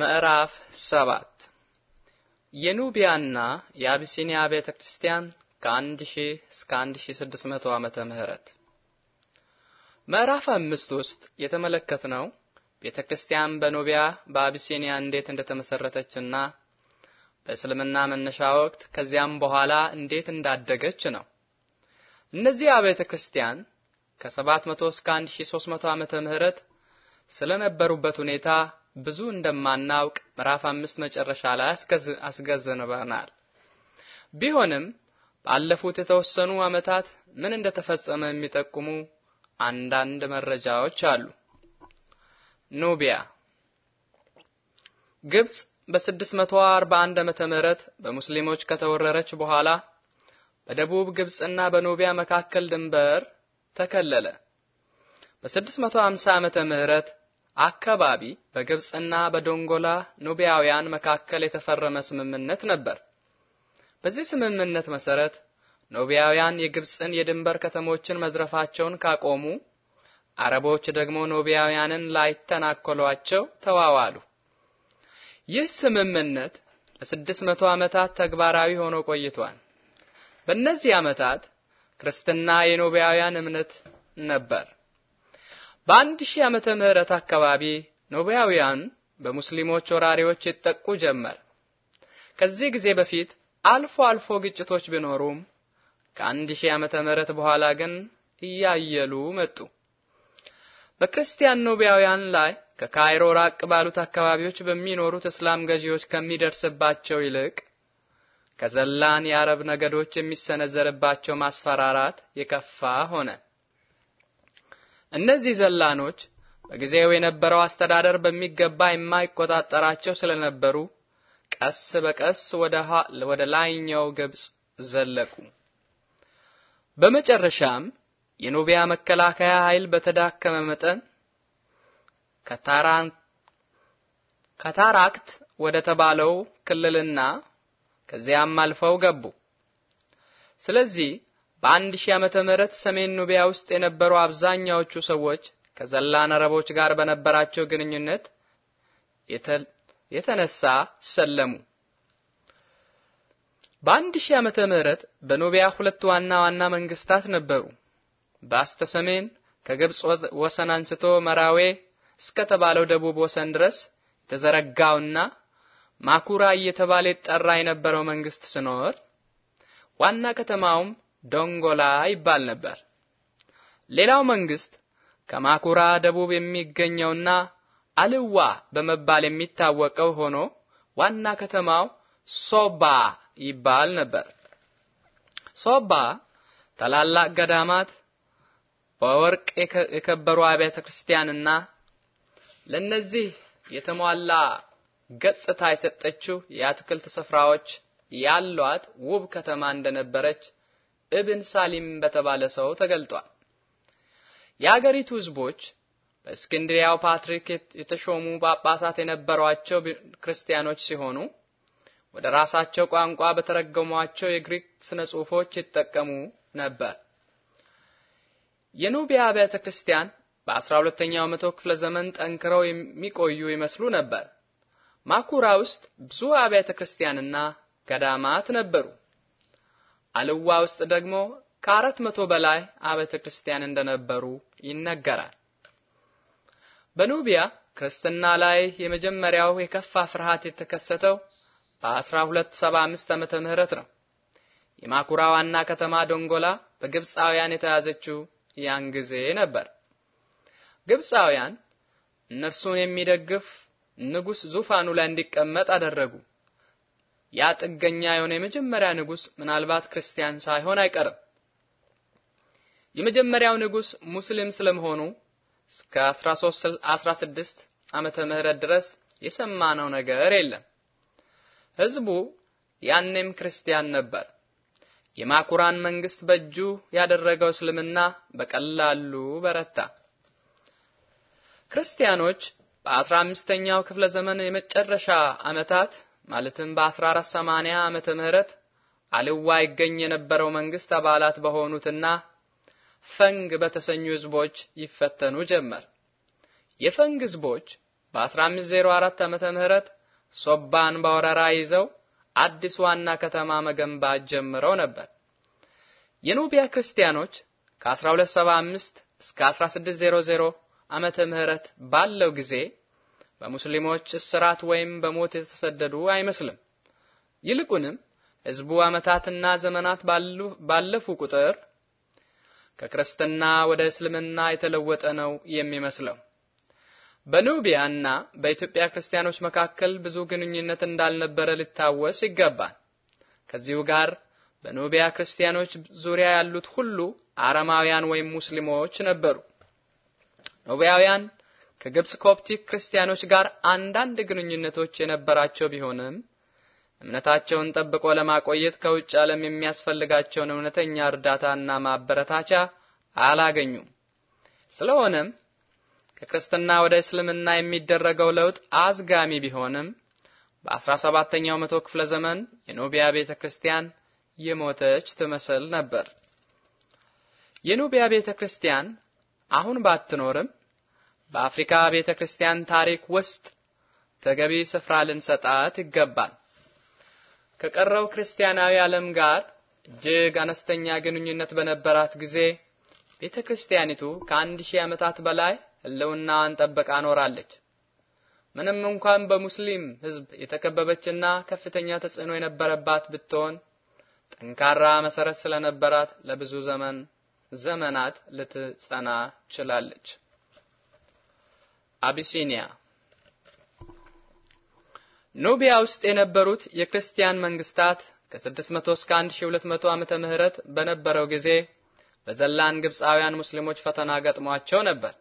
ምዕራፍ ሰባት የኑቢያና የአቢሲኒያ ቤተ ክርስቲያን ከአንድ ሺህ እስከ 1600 ዓመተ ምህረት ምዕራፍ አምስት ውስጥ የተመለከትነው ቤተ ክርስቲያን በኑቢያ በአቢሲኒያ እንዴት እንደተመሰረተችና በእስልምና መነሻ ወቅት ከዚያም በኋላ እንዴት እንዳደገች ነው። እነዚህ ቤተ ክርስቲያን ከ700 እስከ 1300 ዓመተ ምህረት ስለነበሩበት ሁኔታ ብዙ እንደማናውቅ ምዕራፍ አምስት መጨረሻ ላይ አስገንዝበናል። ቢሆንም ባለፉት የተወሰኑ ዓመታት ምን እንደተፈጸመ የሚጠቁሙ አንዳንድ መረጃዎች አሉ። ኑቢያ ግብጽ በ641 ዓመተ ምህረት በሙስሊሞች ከተወረረች በኋላ በደቡብ ግብጽና በኑቢያ መካከል ድንበር ተከለለ። በ650 ዓመተ ምህረት አካባቢ በግብጽና በዶንጎላ ኑቢያውያን መካከል የተፈረመ ስምምነት ነበር። በዚህ ስምምነት መሰረት ኖቢያውያን የግብጽን የድንበር ከተሞችን መዝረፋቸውን ካቆሙ፣ አረቦች ደግሞ ኖቢያውያንን ላይተናኮሏቸው ተዋዋሉ። ይህ ስምምነት ለ600 ዓመታት ተግባራዊ ሆኖ ቆይቷል። በእነዚህ ዓመታት ክርስትና የኖቢያውያን እምነት ነበር። በአንድ ሺህ ዓመተ ምህረት አካባቢ ኖቢያውያን በሙስሊሞች ወራሪዎች ይጠቁ ጀመር። ከዚህ ጊዜ በፊት አልፎ አልፎ ግጭቶች ቢኖሩም ከአንድ ሺህ ዓመተ ምህረት በኋላ ግን እያየሉ መጡ። በክርስቲያን ኖቢያውያን ላይ ከካይሮ ራቅ ባሉት አካባቢዎች በሚኖሩት እስላም ገዢዎች ከሚደርስባቸው ይልቅ ከዘላን የአረብ ነገዶች የሚሰነዘርባቸው ማስፈራራት የከፋ ሆነ። እነዚህ ዘላኖች በጊዜው የነበረው አስተዳደር በሚገባ የማይቆጣጠራቸው ስለነበሩ ቀስ በቀስ ወደ ላይኛው ግብጽ ዘለቁ። በመጨረሻም የኑቢያ መከላከያ ኃይል በተዳከመ መጠን ከታራክት ወደ ተባለው ክልልና ከዚያም አልፈው ገቡ። ስለዚህ በአንድ ሺህ ዓመተ ምህረት ሰሜን ኑቢያ ውስጥ የነበሩ አብዛኛዎቹ ሰዎች ከዘላን አረቦች ጋር በነበራቸው ግንኙነት የተነሳ ሰለሙ። በአንድ ሺህ ዓመተ ምህረት በኑቢያ ሁለት ዋና ዋና መንግስታት ነበሩ። በስተ ሰሜን ከግብጽ ወሰን አንስቶ መራዌ እስከተባለው ደቡብ ወሰን ድረስ የተዘረጋውና ማኩራ እየተባለ ይጠራ የነበረው መንግስት ሲኖር ዋና ከተማውም ደንጎላ ይባል ነበር። ሌላው መንግስት ከማኩራ ደቡብ የሚገኘውና አልዋ በመባል የሚታወቀው ሆኖ ዋና ከተማው ሶባ ይባል ነበር። ሶባ ታላላቅ ገዳማት፣ በወርቅ የከበሩ አብያተ ክርስቲያንና ለነዚህ የተሟላ ገጽታ የሰጠችው የአትክልት ስፍራዎች ያሏት ውብ ከተማ እንደነበረች እብን ሳሊም በተባለ ሰው ተገልጧል። የአገሪቱ ህዝቦች በእስክንድሪያው ፓትሪክ የተሾሙ ጳጳሳት የነበሯቸው ክርስቲያኖች ሲሆኑ ወደ ራሳቸው ቋንቋ በተረገሟቸው የግሪክ ስነ ጽሑፎች ይጠቀሙ ነበር። የኑቢያ አብያተ ክርስቲያን በ12ኛው መቶ ክፍለ ዘመን ጠንክረው የሚቆዩ ይመስሉ ነበር። ማኩራ ውስጥ ብዙ አብያተ ክርስቲያንና ገዳማት ነበሩ። አልዋ ውስጥ ደግሞ ከአራት መቶ በላይ አብያተ ክርስቲያን እንደነበሩ ይነገራል። በኑቢያ ክርስትና ላይ የመጀመሪያው የከፋ ፍርሃት የተከሰተው በ1275 ዓመተ ምህረት ነው። የማኩራ ዋና ከተማ ዶንጎላ በግብፃውያን የተያዘችው ያን ጊዜ ነበር። ግብፃውያን እነርሱን የሚደግፍ ንጉሥ ዙፋኑ ላይ እንዲቀመጥ አደረጉ። ያ ጥገኛ የሆነ የመጀመሪያ ንጉስ ምናልባት ክርስቲያን ሳይሆን አይቀርም። የመጀመሪያው ንጉስ ሙስሊም ስለመሆኑ እስከ 1316 ዓመተ ምህረት ድረስ የሰማነው ነገር የለም። ህዝቡ ያኔም ክርስቲያን ነበር። የማኩራን መንግስት በእጁ ያደረገው እስልምና በቀላሉ በረታ። ክርስቲያኖች በ 15 ኛው ክፍለ ዘመን የመጨረሻ ዓመታት ማለትም በ1480 ዓመተ ምህረት አልዋ ይገኝ የነበረው መንግስት አባላት በሆኑትና ፈንግ በተሰኙ ህዝቦች ይፈተኑ ጀመር። የፈንግ ህዝቦች በ1504 ዓመተ ምህረት ሶባን በወረራ ይዘው አዲስ ዋና ከተማ መገንባት ጀምረው ነበር። የኑቢያ ክርስቲያኖች ከ1275 እስከ 1600 ዓመተ ምህረት ባለው ጊዜ በሙስሊሞች እስራት ወይም በሞት የተሰደዱ አይመስልም። ይልቁንም ህዝቡ ዓመታትና ዘመናት ባለፉ ቁጥር ከክርስትና ወደ እስልምና የተለወጠ ነው የሚመስለው። በኑቢያ እና በኢትዮጵያ ክርስቲያኖች መካከል ብዙ ግንኙነት እንዳልነበረ ሊታወስ ይገባል። ከዚሁ ጋር በኑቢያ ክርስቲያኖች ዙሪያ ያሉት ሁሉ አረማውያን ወይም ሙስሊሞች ነበሩ። ኑቢያውያን ከግብጽ ኮፕቲክ ክርስቲያኖች ጋር አንዳንድ ግንኙነቶች የነበራቸው ቢሆንም እምነታቸውን ጠብቆ ለማቆየት ከውጭ ዓለም የሚያስፈልጋቸውን እውነተኛ እርዳታና ማበረታቻ አላገኙም። ስለሆነም ከክርስትና ወደ እስልምና የሚደረገው ለውጥ አዝጋሚ ቢሆንም በ17ኛው መቶ ክፍለ ዘመን የኑቢያ ቤተ ክርስቲያን የሞተች ትመስል ነበር። የኑቢያ ቤተ ክርስቲያን አሁን ባትኖርም በአፍሪካ ቤተ ክርስቲያን ታሪክ ውስጥ ተገቢ ስፍራ ልንሰጣት ይገባል። ከቀረው ክርስቲያናዊ ዓለም ጋር እጅግ አነስተኛ ግንኙነት በነበራት ጊዜ ቤተ ክርስቲያኒቱ ከአንድ ሺህ ዓመታት በላይ ሕልውናዋን ጠብቃ ኖራለች። ምንም እንኳን በሙስሊም ህዝብ የተከበበችና ከፍተኛ ተጽዕኖ የነበረባት ብትሆን ጠንካራ መሰረት ስለነበራት ለብዙ ዘመን ዘመናት ልትጸና ችላለች። አቢሲኒያ ኑቢያ ውስጥ የነበሩት የክርስቲያን መንግስታት ከ600 እስከ 1200 ዓመተ ምህረት በነበረው ጊዜ በዘላን ግብፃውያን ሙስሊሞች ፈተና ገጥሟቸው ነበር።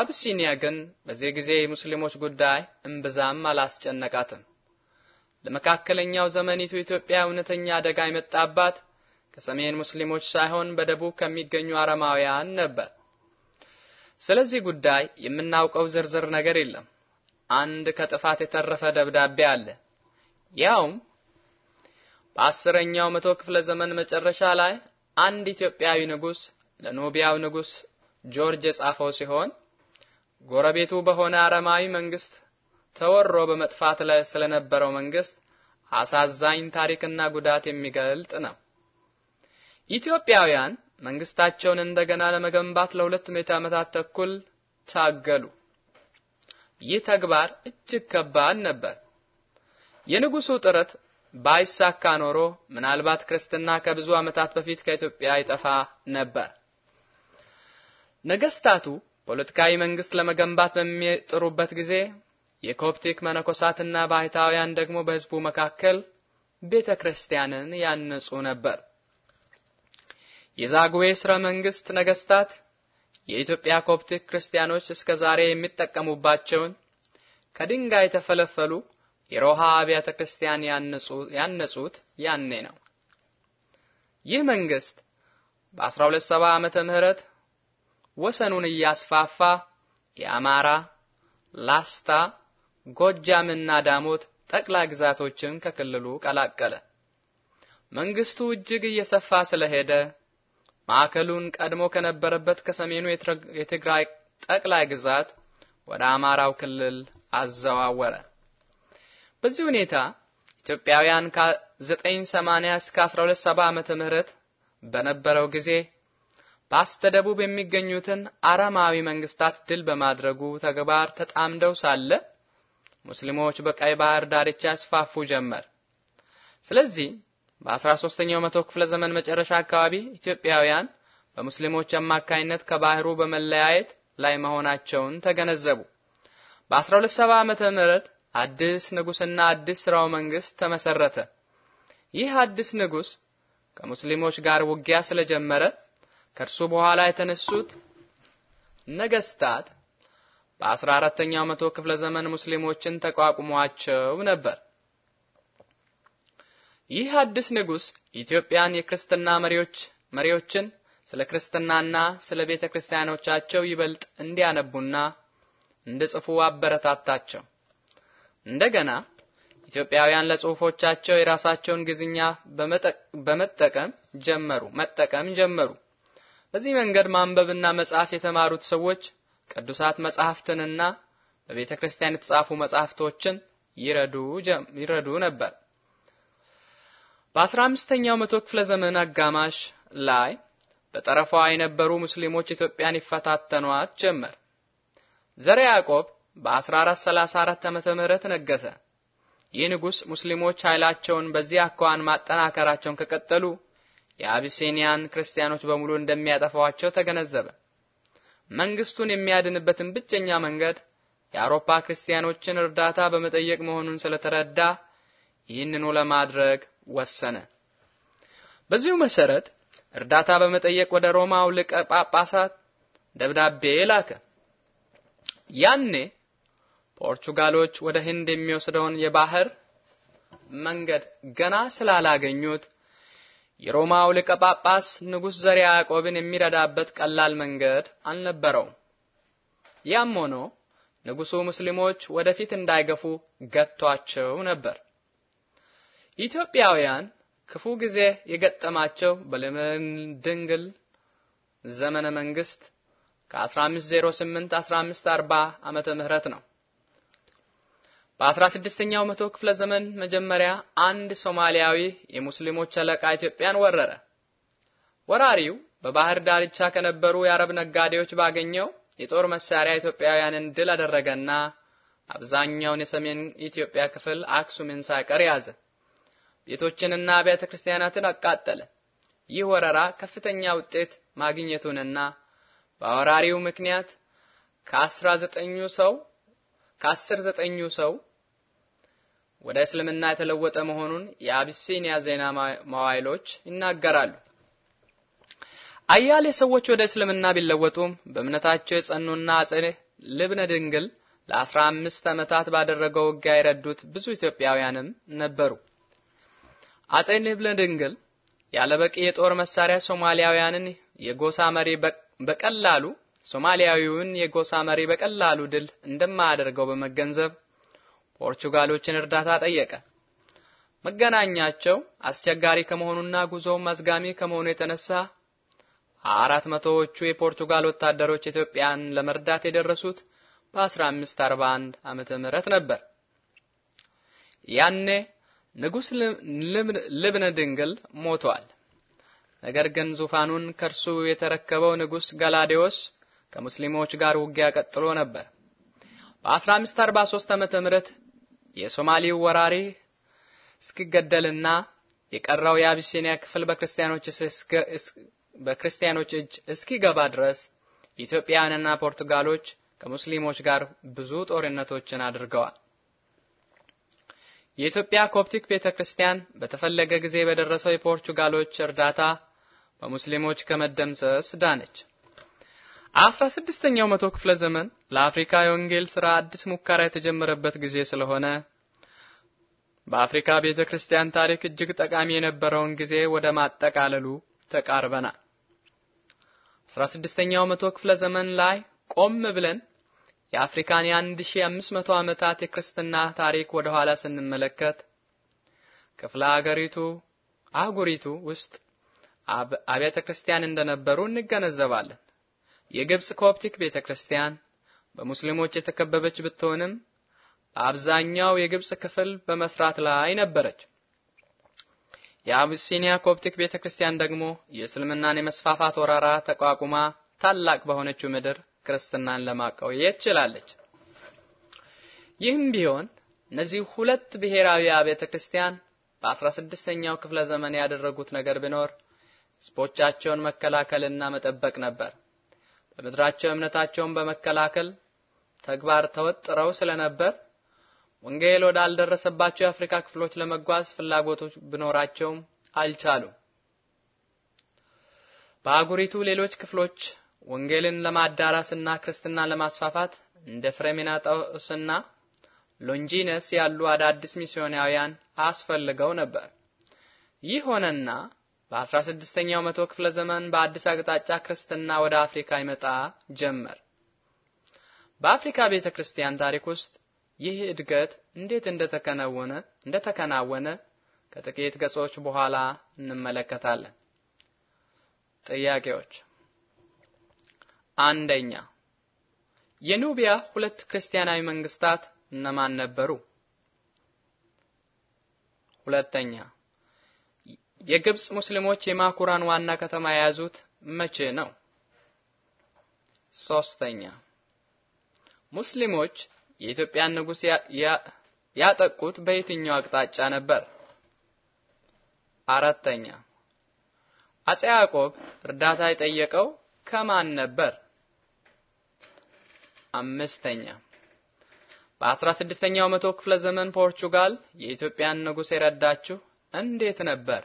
አብሲኒያ ግን በዚህ ጊዜ የሙስሊሞች ጉዳይ እምብዛም አላስጨነቃትም። ለመካከለኛው ዘመኒቱ ኢትዮጵያ እውነተኛ አደጋ የመጣባት ከሰሜን ሙስሊሞች ሳይሆን በደቡብ ከሚገኙ አረማውያን ነበር። ስለዚህ ጉዳይ የምናውቀው ዝርዝር ነገር የለም። አንድ ከጥፋት የተረፈ ደብዳቤ አለ። ያውም በአስረኛው መቶ ክፍለ ዘመን መጨረሻ ላይ አንድ ኢትዮጵያዊ ንጉስ ለኖቢያው ንጉስ ጆርጅ የጻፈው ሲሆን ጎረቤቱ በሆነ አረማዊ መንግስት ተወሮ በመጥፋት ላይ ስለነበረው መንግስት አሳዛኝ ታሪክና ጉዳት የሚገልጥ ነው። ኢትዮጵያውያን መንግስታቸውን እንደገና ለመገንባት ለሁለት ምዕተ ዓመታት ተኩል ታገሉ። ይህ ተግባር እጅግ ከባድ ነበር። የንጉሱ ጥረት ባይሳካ ኖሮ ምናልባት ክርስትና ከብዙ ዓመታት በፊት ከኢትዮጵያ ይጠፋ ነበር። ነገስታቱ ፖለቲካዊ መንግስት ለመገንባት በሚጥሩበት ጊዜ የኮፕቲክ መነኮሳትና ባህታውያን ደግሞ በህዝቡ መካከል ቤተ ክርስቲያንን ያነጹ ነበር። የዛጉዌ ስረ መንግስት ነገስታት የኢትዮጵያ ኮፕቲክ ክርስቲያኖች እስከ ዛሬ የሚጠቀሙባቸውን ከድንጋይ የተፈለፈሉ የሮሃ አብያተ ክርስቲያን ያነጹት ያኔ ነው። ይህ መንግስት በ1270 ዓመተ ምህረት ወሰኑን እያስፋፋ የአማራ፣ ላስታ፣ ጎጃምና ዳሞት ጠቅላይ ግዛቶችን ከክልሉ ቀላቀለ። መንግስቱ እጅግ እየሰፋ ስለሄደ ማዕከሉን ቀድሞ ከነበረበት ከሰሜኑ የትግራይ ጠቅላይ ግዛት ወደ አማራው ክልል አዘዋወረ። በዚህ ሁኔታ ኢትዮጵያውያን ከ980 እስከ 1270 ዓመተ ምህረት በነበረው ጊዜ በስተደቡብ የሚገኙትን አረማዊ መንግስታት ድል በማድረጉ ተግባር ተጣምደው ሳለ ሙስሊሞች በቀይ ባህር ዳርቻ ያስፋፉ ጀመር። ስለዚህ በ13ኛው መቶ ክፍለ ዘመን መጨረሻ አካባቢ ኢትዮጵያውያን በሙስሊሞች አማካይነት ከባህሩ በመለያየት ላይ መሆናቸውን ተገነዘቡ። በ1270 ዓመተ ምህረት አዲስ ንጉስና አዲስ ስራው መንግስት ተመሰረተ። ይህ አዲስ ንጉስ ከሙስሊሞች ጋር ውጊያ ስለጀመረ ከእርሱ በኋላ የተነሱት ነገስታት በ14ኛው መቶ ክፍለ ዘመን ሙስሊሞችን ተቋቁሟቸው ነበር። ይህ አዲስ ንጉስ ኢትዮጵያን የክርስትና መሪዎች መሪዎችን ስለ ክርስትናና ስለ ቤተ ክርስቲያኖቻቸው ይበልጥ እንዲያነቡና እንዲጽፉ አበረታታቸው። እንደገና ኢትዮጵያውያን ለጽሁፎቻቸው የራሳቸውን ግዝኛ በመጠቀም ጀመሩ መጠቀም ጀመሩ። በዚህ መንገድ ማንበብና መጻፍ የተማሩት ሰዎች ቅዱሳት መጻሕፍትንና በቤተ ክርስቲያን የተጻፉ መጻሕፍቶችን ይረዱ ይረዱ ነበር። በ15ኛው መቶ ክፍለ ዘመን አጋማሽ ላይ በጠረፋዋ የነበሩ ሙስሊሞች ኢትዮጵያን ይፈታተኗት ጀመር። ዘረ ያዕቆብ በ1434 ዓመተ ምህረት ነገሰ። ይህ ንጉስ ሙስሊሞች ኃይላቸውን በዚህ አኳን ማጠናከራቸውን ከቀጠሉ የአቢሲኒያን ክርስቲያኖች በሙሉ እንደሚያጠፋዋቸው ተገነዘበ። መንግስቱን የሚያድንበትን ብቸኛ መንገድ የአውሮፓ ክርስቲያኖችን እርዳታ በመጠየቅ መሆኑን ስለተረዳ ይህንኑ ለማድረግ ወሰነ። በዚሁ መሰረት እርዳታ በመጠየቅ ወደ ሮማው ሊቀ ጳጳሳት ደብዳቤ ላከ። ያኔ ፖርቹጋሎች ወደ ህንድ የሚወስደውን የባህር መንገድ ገና ስላላገኙት የሮማው ሊቀ ጳጳስ ንጉሥ ዘርዓ ያዕቆብን የሚረዳበት ቀላል መንገድ አልነበረውም። ያም ሆኖ ንጉሡ ሙስሊሞች ወደፊት እንዳይገፉ ገቷቸው ነበር። ኢትዮጵያውያን ክፉ ጊዜ የገጠማቸው ድንግል ዘመነ መንግስት ከ1508 1540 ዓመተ ምህረት ነው። በ16ኛው መቶ ክፍለ ዘመን መጀመሪያ አንድ ሶማሊያዊ የሙስሊሞች አለቃ ኢትዮጵያን ወረረ። ወራሪው በባህር ዳርቻ ከነበሩ የአረብ ነጋዴዎች ባገኘው የጦር መሳሪያ ኢትዮጵያውያንን ድል አደረገና አብዛኛውን የሰሜን ኢትዮጵያ ክፍል አክሱምን ሳይቀር ያዘ። ቤቶችንና አብያተ ክርስቲያናትን አቃጠለ። ይህ ወረራ ከፍተኛ ውጤት ማግኘቱንና በወራሪው ምክንያት ከአስራ ዘጠኙ ሰው ከአስር ዘጠኙ ሰው ወደ እስልምና የተለወጠ መሆኑን የአቢሲኒያ ዜና መዋዕሎች ይናገራሉ። አያሌ ሰዎች ወደ እስልምና ቢለወጡም በእምነታቸው የጸኑና አጼ ልብነ ድንግል ለ15 ዓመታት ባደረገው ውጊያ የረዱት ብዙ ኢትዮጵያውያንም ነበሩ። አጼ ልብነ ድንግል በቂ የጦር መሳሪያ ሶማሊያውያንን የጎሳ መሪ በቀላሉ ሶማሊያዊውን የጎሳ መሪ በቀላሉ ድል እንደማያደርገው በመገንዘብ ፖርቹጋሎችን እርዳታ ጠየቀ። መገናኛቸው አስቸጋሪ ከመሆኑና ጉዞው መዝጋሚ ከመሆኑ የተነሳ አራት መቶዎቹ የፖርቱጋል ወታደሮች ኢትዮጵያን ለመርዳት የደረሱት በ1541 ዓመተ ምህረት ነበር። ያኔ ንጉስ ልብነ ድንግል ሞቷል። ነገር ግን ዙፋኑን ከርሱ የተረከበው ንጉስ ገላዴዎስ ከሙስሊሞች ጋር ውጊያ ቀጥሎ ነበር። በ1543 ዓመተ ምህረት የሶማሌው ወራሪ እስኪገደልና የቀረው የአቢሲኒያ ክፍል በክርስቲያኖች በክርስቲያኖች እጅ እስኪገባ ድረስ ኢትዮጵያውያንና ፖርቱጋሎች ከሙስሊሞች ጋር ብዙ ጦርነቶችን አድርገዋል። የኢትዮጵያ ኮፕቲክ ቤተክርስቲያን በተፈለገ ጊዜ በደረሰው የፖርቹጋሎች እርዳታ በሙስሊሞች ከመደምሰስ ዳነች። አስራ ስድስተኛው መቶ ክፍለ ዘመን ለአፍሪካ የወንጌል ሥራ አዲስ ሙከራ የተጀመረበት ጊዜ ስለሆነ በአፍሪካ ቤተክርስቲያን ታሪክ እጅግ ጠቃሚ የነበረውን ጊዜ ወደ ማጠቃለሉ ተቃርበናል። አስራ ስድስተኛው መቶ ክፍለ ዘመን ላይ ቆም ብለን የአፍሪካን የ1500 ዓመታት የክርስትና ታሪክ ወደ ኋላ ስንመለከት ክፍለ ሀገሪቱ አህጉሪቱ ውስጥ አብያተ ክርስቲያን እንደነበሩ እንገነዘባለን። የግብጽ ኮፕቲክ ቤተ ክርስቲያን በሙስሊሞች የተከበበች ብትሆንም በአብዛኛው የግብጽ ክፍል በመስራት ላይ ነበረች። የአቢሲኒያ ኮፕቲክ ቤተ ክርስቲያን ደግሞ የእስልምናን የመስፋፋት ወረራ ተቋቁማ ታላቅ በሆነችው ምድር ክርስትናን ለማቆየት ችላለች። ይህም ቢሆን እነዚህ ሁለት ብሔራዊ አብያተ ክርስቲያን በ16ኛው ክፍለ ዘመን ያደረጉት ነገር ቢኖር ሕዝቦቻቸውን መከላከልና መጠበቅ ነበር። በምድራቸው እምነታቸውን በመከላከል ተግባር ተወጥረው ስለነበር ወንጌል ወዳልደረሰባቸው የአፍሪካ ክፍሎች ለመጓዝ ፍላጎቶች ቢኖራቸውም አልቻሉም። በአህጉሪቱ ሌሎች ክፍሎች ወንጌልን ለማዳራስና ክርስትና ለማስፋፋት እንደ ፍሬሜናጦስና ሎንጂነስ ያሉ አዳዲስ ሚስዮናውያን አስፈልገው ነበር። ይህ ሆነና በ16ኛው መቶ ክፍለ ዘመን በአዲስ አቅጣጫ ክርስትና ወደ አፍሪካ ይመጣ ጀመር። በአፍሪካ ቤተክርስቲያን ታሪክ ውስጥ ይህ እድገት እንዴት እንደተከናወነ እንደተከናወነ ከጥቂት ገጾች በኋላ እንመለከታለን። ጥያቄዎች አንደኛ የኑቢያ ሁለት ክርስቲያናዊ መንግስታት እነማን ነበሩ? ሁለተኛ የግብጽ ሙስሊሞች የማኩራን ዋና ከተማ የያዙት መቼ ነው? ሶስተኛ ሙስሊሞች የኢትዮጵያን ንጉስ ያጠቁት በየትኛው አቅጣጫ ነበር? አራተኛ አጼ ያዕቆብ እርዳታ የጠየቀው ከማን ነበር? አምስተኛ በ 16 ኛው መቶ ክፍለ ዘመን ፖርቹጋል የኢትዮጵያን ንጉሥ የረዳችው እንዴት ነበር?